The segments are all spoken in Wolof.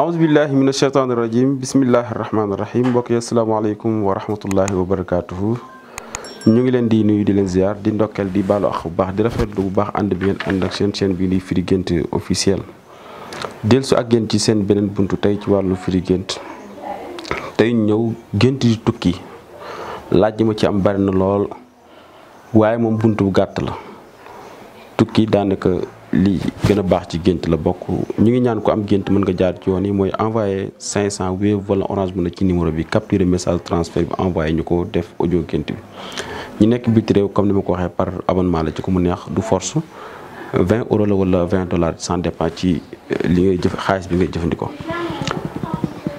aousubillahi min asheytaan irajim bismillahi irrahmaaniirahim mbokk yi asalaamaaleykum wa rahmatullahi wa barakatuhu ñu ngi leen di nuyu di leen ziar di ndokkeel di baalu ak bu baax di rafetlu bu baax ànd bi ngeen ànd ak seen chaîne bi di firi gént officiel delsu ak gént ci seen beneen buntu tey ci wàllu firi tey ñëw gént di tukki laaj ma ci am bari na lool waaye moom bunt bu gàtt la tukki daanaka li gën a baax ci gént la bokk ñu ngi ñaan ko am gént mën nga jaar ci yoon yi mooy envoyé 500 Wave wala Orange Money ci numéro bi capturer message transfert bi envoyé ñu ko def audio gént bi. ñu nekk biti réew comme ni ma ko waxee par abonnement la ci ko mu neex du force 20 euros la wala 20 dollars cent dépend ci euh, li ngay jëf xaalis bi ngay jëfandikoo.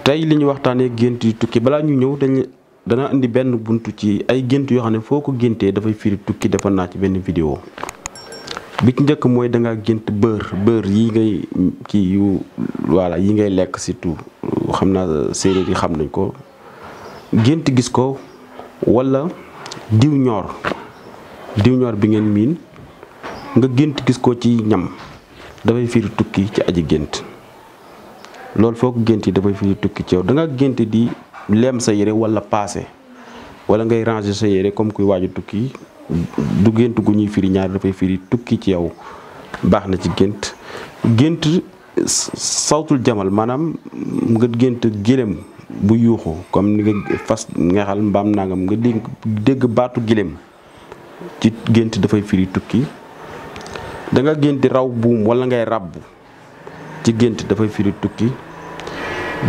tey li ñu waxtaanee gént yu tukki balaa ñu ñëw dañu dana indi benn bunt ci ay gént yoo xam ne foo ko géntee dafay firi tukki defoon naa ci benn vidéo. bi ci njëkk mooy da nga gént beurre beurre yi ngay kii yu voilà yi ngay lekk surtout xam naa séeréer yi xam nañ ko gént gis ko wala diw ñor diw ñor bi ngeen miin nga gént gis ko ci ñam dafay fiir tukki ci aji gént loolu foo ko gént yi dafay firi tukki ci yow da nga gént di leem sa yére wala paase walla ngay ranger sa yére comme kuy waaju tukki du gént gu ñuy firi ñaar dafay firi tukki ci yow baax na ci gént gént sawtul jamal maanaam nga gént gélem bu yuuxu comme ni nga fas neexal mbaam naa nga dégg dégg baatu gélem ci gént dafay firi tukki danga nga gént raw buum wala ngay ràbb ci gént dafay firi tukki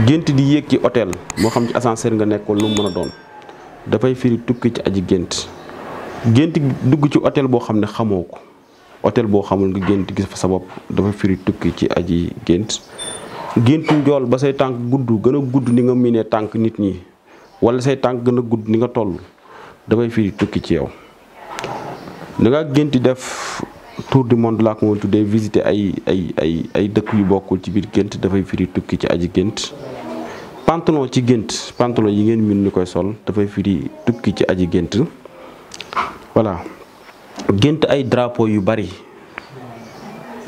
gént di yéeg ci otel moo xam ci ascenseur nga nekkoon lu mën a doon dafay firi tukki ci aji gént gént dugg ci hôtel boo xam ne xamoo ko hôtel boo xamul nga gént gis fa sa bopp dafa firi tukki ci aji gént gént njool ba say tànk gudd gën a gudd ni nga miinee tànk nit ñi wala say tànk a gudd ni nga toll dafay firi tukki ci yow da gént def tour du monde laa ko moom ay ay ay ay dëkk yu bokkul ci biir gént dafay firi tukki ci aji gént pantalon ci gént pantalon yi ngeen miin ñu koy sol dafay firi tukki ci aji gént voilà gént ay drapeau yu bari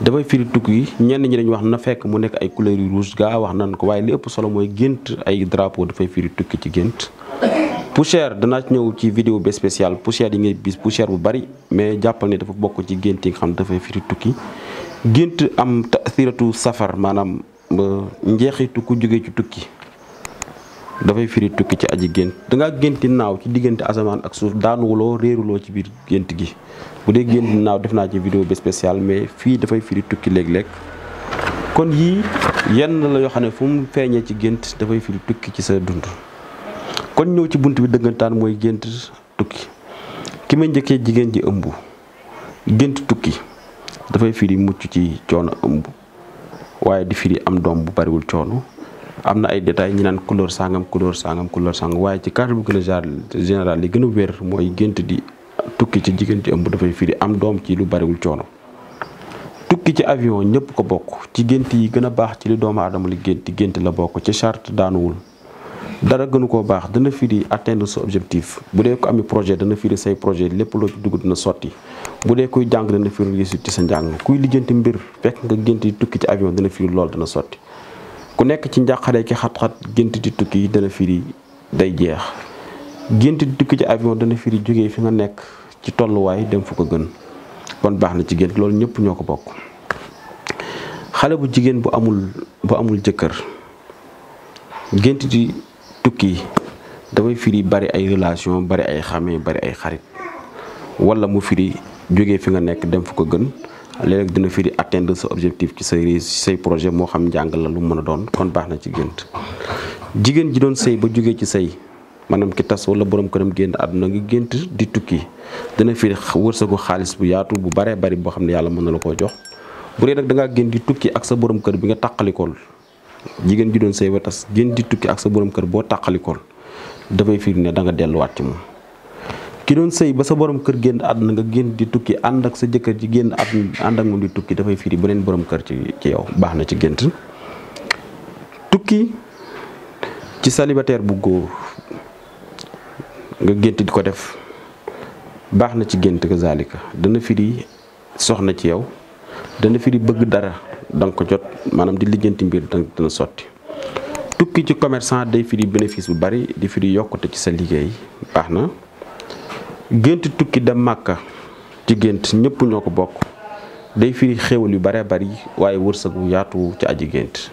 dafay firi tukki ñenn ñi dañu wax na fekk mu nekk ay couleur yu rouge gaa wax nan ko waaye li ëpp solo mooy gént ay drapeau dafay firi tukki ci gént poussière dana ñëw ci vidéo bi spéciale poussière yi ngay bis poussière bu bari mais jàppal ne dafa bokk ci gént yi nga xam dafay firi tukki gént am tasiratu safar maanaam euh, njeexitu ku jóge ci tukki dafay firi tukki ci aji gént danga génti naaw ci diggante asamaan ak suuf daanuwuloo réeruloo ci biir gént gi bu dee génti naaw def naa ci vidéo bi spécial mais fii dafay firi tukki léeg-léeg kon yii yenn la yoo xam ne fu feeñee ci gént dafay firi tukki ci sa dund kon ñëw ci bunt bi dëggantaan mooy gént tukki ki ma njëkkee jigéen ji ëmb gént tukki dafay firi mucc ci coono ëmb waaye di firi am doom bu bariwul coono am na ay détails ñi naan couleur sangam couleur sangam couleur sangam waaye ci cadre bu gën a général li gën a wér mooy gént di tukki ci jigéen ci ëmb dafay firi am doom ci lu bariwul coono. tukki ci avion ñëpp ko bokk ci gént yi gën a baax ci li doomu adama li gént gént la bokk ci charte daanuwul dara gënu koo baax dana firi atteindre sa objectif bu dee ko ami projet dana firi say projet lépp loo ci dugg dina sotti bu dee kuy jàng dana firi réussite ci sa njàng kuy lijjanti mbir fekk nga gént yi tukki ci avion dana firi lool dana sotti ku nekk ci njàqare ki xat-xat gént di tukki dana firi day jeex gént di tukki ci avion dana firi jógee fi nga nekk ci tolluwaay dem fu ko gën kon baax na jigéen loolu ñëpp ñoo ko bokk xale bu jigéen bu amul bu amul jëkkër gént di tukki damay firi bari ay relation bari ay xame bari ay xarit walla mu firi jógee fi nga nekk dem fu ko gën léeg-léeg dina firi atteindre sa objectif ci say say projet moo xam njàng la lu mën a doon kon baax na ci gént jigéen ji doon sëy ba jógee ci sëy maanaam ki tas wala borom këram génn àdduna nga gént di tukki dina firi wërsëgu xaalis bu yaatu bu baree bari boo xam ne yàlla mën na la koo jox bu dee nag da ngaa génn di tukki ak sa borom kër bi nga tàqalikool jigéen ji doon sëy ba tas génn di tukki ak sa borom kër boo tàqalikool dafay firi ne da nga delluwaat ci moom ki doon sëy ba sa borom kër génn àdduna nga génn di tukki ànd ak sa jëkkër ji génn àdduna ànd ak moom di tukki dafay firi beneen borom kër ci ci yow baax na ci gént tukki ci célibataire bu góor nga gént di ko def baax na ci gént ka zalika dana firi soxna ci yow dana firi bëgg dara danga ko jot maanaam di lijjanti mbir dana sotti tukki ci commerçant day firi bénéfice bu bari di firi yokkute ci sa liggéey baax na gént tukki dem màkka ci gént ñëpp ñoo ko bokk day firi xéewal yu bare bari waaye wërsëg wu yaatu ci aji gént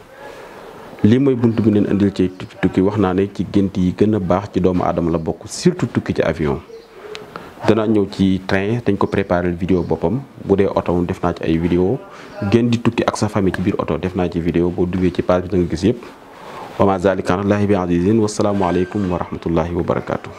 lii mooy bunt bi neen indil ci tukki tukki wax naa ne ci gént yi gën a baax ci doomu aadama la bokk surtout tukki ci avion dana ñëw ci train dañ ko préparer vidéo boppam bu dee oto def naa ci ay vidéo génn di tukki ak sa fami ci biir oto def naa ci vidéo boo duggee ci page bi da gis yëpp wa ma zalika alallaahi bi azizin wasalaamualeykum wa rahmatullahi wa barakaatu.